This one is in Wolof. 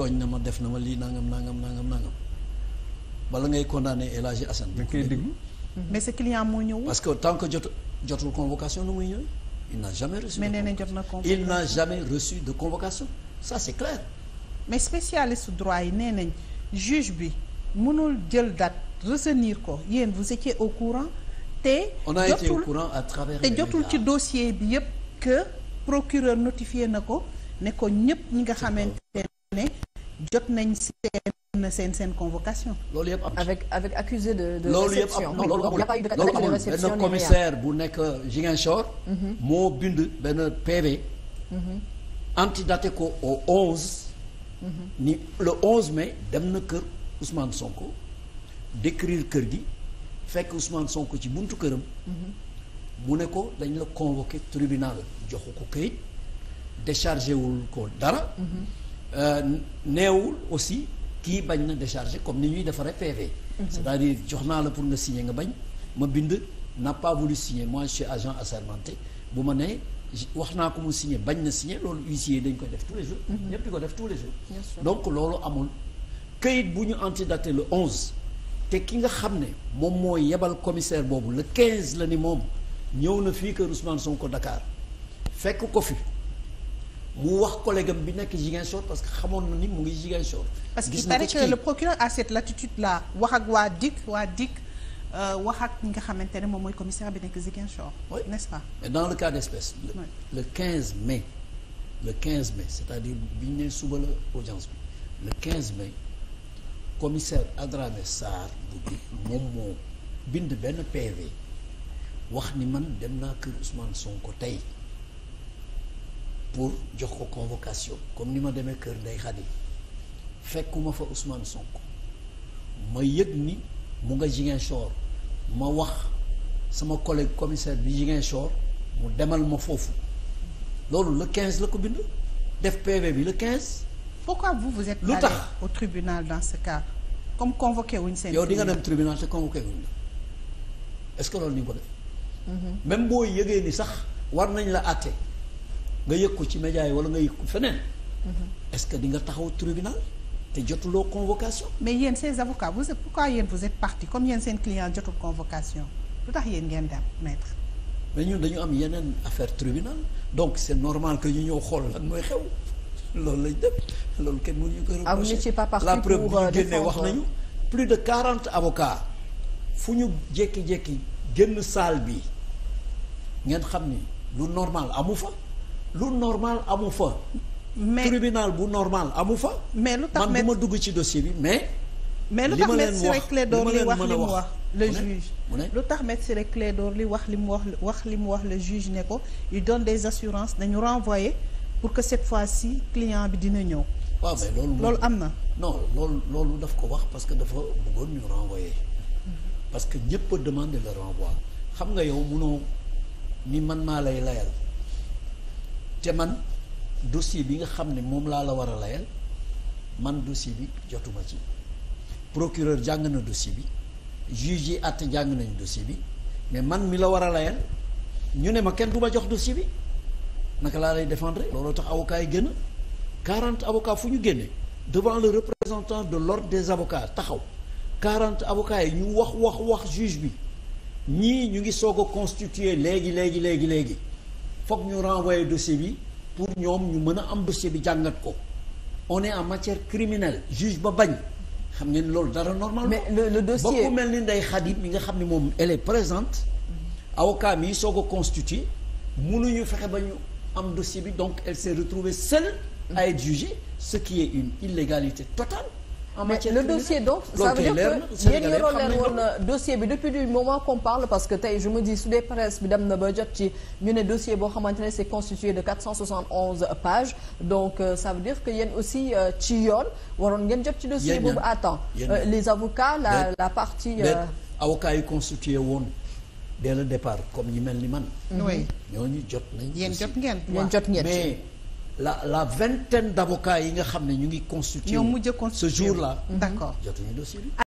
tooñ na ma def na ma lii nangam nangam bala ngay condamné El Hadji Assane. da koy mais sa client moo ñëw. parce que tant que jot jotul convocation lu muy ñëw il n'a jamais reçu. de convocation ça c'est clair. mais spécialiste droit yi nee nañ juge bi mënul jël date retenir ko yéen vous étiez au courant. te a été au courant à travers. te jotul ci dossier bi yépp que procureur notifié na ko ne ko ñépp ñi nga xamante jot nañ seen seen seen convocation. loolu yëpp am avec avec accusé de de réception loolu yëpp am loolu amul benn commissaire bu nekk Ziguinchor. Mhm. moo bind benn PV. Mhm. antidaté ko o 11. Mhm. ni le 11 mai dem na kër Ousmane Sonko décrire kër gi fekk Ousmane Sonko ci buntu këram. mu ne ko dañ la convoqué tribunal joxu ko këyit déchargé ko dara. Euh, neewul aussi kii bañ na décharger comme ni ñuy defaree PV. Mhm. c'est-à-dire jox naa la pour nga signer nga bañ ma bind n'a pas voulu signer agent assermenté bu ma nee wax naa ko mu signer bañ na signer loolu huissier yi dañ koy def tous les jours. Mhm. ñëpp ko def tous les jours. donc loolu amul kayit bu ñu antidaté le 11. te ki nga xam ne moom moo yebal commissaire boobu le 15 la ni moom ñëw na fii kër Ousmane ko dakaar fekk ko fi. mu wax collègue am bi nekk Ziguinchor parce que xamoon na ni mu ngi Ziguinchor. parce qu'il paraît que le procureur a cette latitude là wax ak waa DIC waa DIC euh, wax ak ñi nga xamante ne moom mooy commissaire bi nekk Ziguinchor. oui n'est-ce mais dans le cas d'espèce. le oui. le mai. le 15 mai cest bi ñu nee suba la audience bi le 15 mai commissaire Adramé Sarr bu moom moo bind benn PV wax ni man dem naa kër Ousmane Sonko tey. pour jox ko convocation comme ni ma demee kër Ndeye Khady fekkuma fa Ousmane Sonko ma yëg ni mu nga Ziguinchor ma wax sama collègue commissaire bi Ziguinchor mu demal ma foofu loolu la quinze la ko bind def PV bi le 15. pourquoi vous vous êtes. lu tax allé au tribunal dans ce cas comme convoqué wuñ seen. yow di nga dem tribunal te convoqué wuñ la est que loolu ni nga ko mhm. même boo yëgee ni sax war nañ la àtte. nga yëg ko ci média yi wala nga yëg ko feneen. Mm-hmm. est-ce que di nga taxaw tribunal te jotuloo convocation. mais yéen ces avocats vous êtes pourquoi yéen vous êtes parti comme yéen seen client jotul convocation lu tax yéen ngeen dem maître. mais ñun dañu am yeneen affaire tribunal donc c'est normal que ñu ñëw xool ak mooy xew loolu lañ dem loolu kenn ñu mënuñu ko ah, reprocher la preuve bu ñu euh, génnee wax nañu plus de quarante avocats fu ñu jékki-jékki génn salle bi ngeen xam ni lu normal amu fa. lu normal amu fa. mais tribunal bu normal amu fa. mais lu tax ma dugg ci dossier bi mais. mais lu tax maître Ciré Clédor Ly wax li wax le juge lu tax maître Ciré Clédor Ly wax li mu wax wax li mu wax le juge ne ko il donne des assurances dañu renvoyer pour que cette fois-ci client bi dina ñëw. waaw mais loolu am na. non loolu loolu daf ko wax parce que dafa buggoon ñu renvoyer mhm. parce que ñëpp a demandé le renvoi xam nga yow munoo ni man maa lay layal. te man dossier bi nga xam ne moom laa la war a layal man dossier bi jotuma ci procureur jàng na dossier bi juge yi àtte jàng nañu dossier bi mais man mi la war a layal ñu ne ma kenn du ma jox dossier bi naka laa lay défendre looloo tax avocats yi génn quarante avocats fu ñu génne devant le représentant de l'ordre des avocats taxaw quarante avocats yi ñu wax wax wax juge bi ñii ñu ngi soog a constituer léegi léegi léegi léegi foog ñu renvoyer dossier bi pour ñoom ñu mën a am dossier bi jàngat ko on est en matière criminelle juge ba bañ xam ngeen loolu dara normal. mais le le dossier ba ku mel ni Ndeye Khady mi nga xam ne moom elle est présente. avocat mi soog a constitué mënuñu fexe ba ñu am dossier bi donc elle s'est retrouvée seule à être jugée ce qui est une illégalité totale. en matière mais le dossier donc ça veut dire que yéen yoroon leen woon dossier bi depuis du moment qu'on parle parce que tey je me dis su dee presse bi dem na ba jot ci ñu ne dossier boo xamante ne c'est constitué de 471 pages donc euh, ça veut dire que yéen aussi euh, ci yoon waroon ngeen jot ci dossier boobu à temps euh, les avocats la la partie avocats yi constitué woon dès le départ comme ñi mel ni man ñooñu jot nañ yéen jot ngeen mais la la vingtaine d'avocats yi nga xam ne ñu ngi constitué ce jour là d'accord jotuñu dossier bi